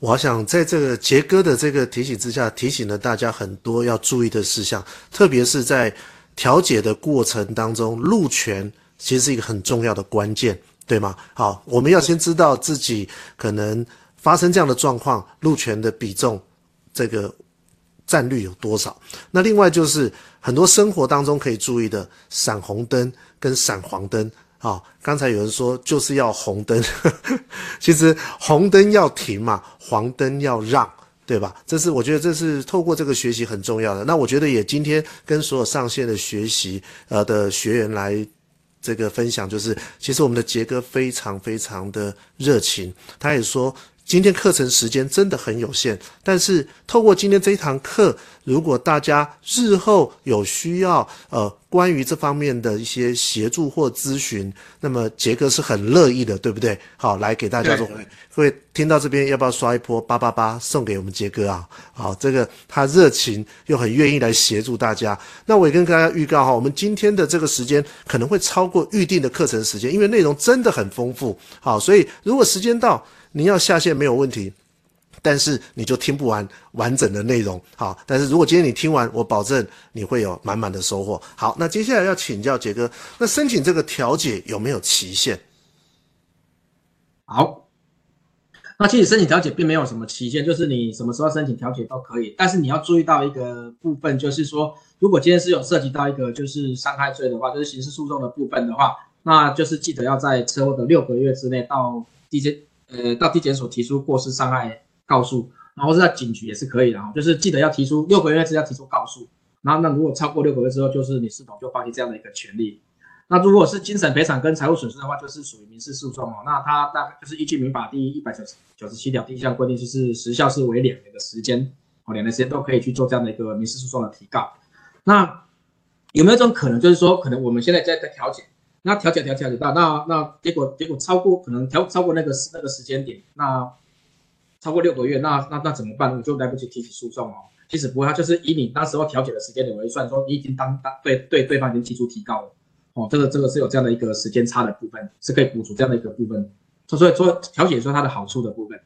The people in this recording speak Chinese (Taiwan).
我想在這個杰哥的這個提醒之下，提醒了大家很多要注意的事項，特別是在調解的過程當中，路權其實是一個很重要的關鍵，對嗎？好，我們要先知道自己可能發生這樣的狀況，路權的比重，這個占率有多少？那另外就是很多生活當中可以注意的，閃紅燈跟閃黃燈。好、哦，剛才有人說就是要紅燈呵呵，其實紅燈要停嘛，黃燈要讓，對吧？這是我覺得這是透過這個學習很重要的。那我覺得也今天跟所有上線的學習呃的學員來這個分享，就是其實我們的傑哥非常非常的熱情，他也說。今天課程時間真的很有限，但是透過今天這一堂課，如果大家日後有需要，呃，關於這方面的一些協助或諮詢，那麼傑哥是很樂意的，對不對？好，來給大家做。各位聽到這邊，要不要刷一波八八八送給我們傑哥啊？好，這個他熱情又很願意來協助大家。那我也跟大家預告哈，我們今天的這個時間可能會超過預定的課程時間，因為內容真的很豐富。好，所以如果時間到。你要下線沒有問題，但是你就聽不完完整的內容。好，但是如果今天你聽完，我保證你會有滿滿的收穫。好，那接下來要請教傑哥，那申請這個調解有沒有期限？好，那其實申請調解並沒有什麼期限，就是你什麼時候申請調解都可以。但是你要注意到一個部分，就是說，如果今天是有涉及到一個就是傷害罪的話，就是刑事訴訟的部分的話，那就是記得要在之後的六個月之內到地檢呃，到地檢所提出過失傷害告訴，然後是在警局也是可以的哦，就是記得要提出六個月之內要提出告訴，然後那如果超過六個月之後，就是你是否就放棄這樣的一個權利。那如果是精神賠償跟財務損失的話，就是屬於民事訴訟哦，那它大概就是依據民法第一百九十七條第一項規定，就是時效是為兩年的時間哦，兩年時間都可以去做這樣的一個民事訴訟的提告。那有沒有一種可能，就是說可能我們現在在在調解？那調解調解的，那那那結果結果超過可能調超過那個那個時間點，那超過六個月，那那那怎麼辦？你就來不及提起訴訟哦。其實不會，他就是以你那時候調解的時間點為算，說你已經當當對對對方已經提出提告了哦，這個這個是有這樣的一個時間差的部分，是可以補足這樣的一個部分。所以說調解說它的好處的部分。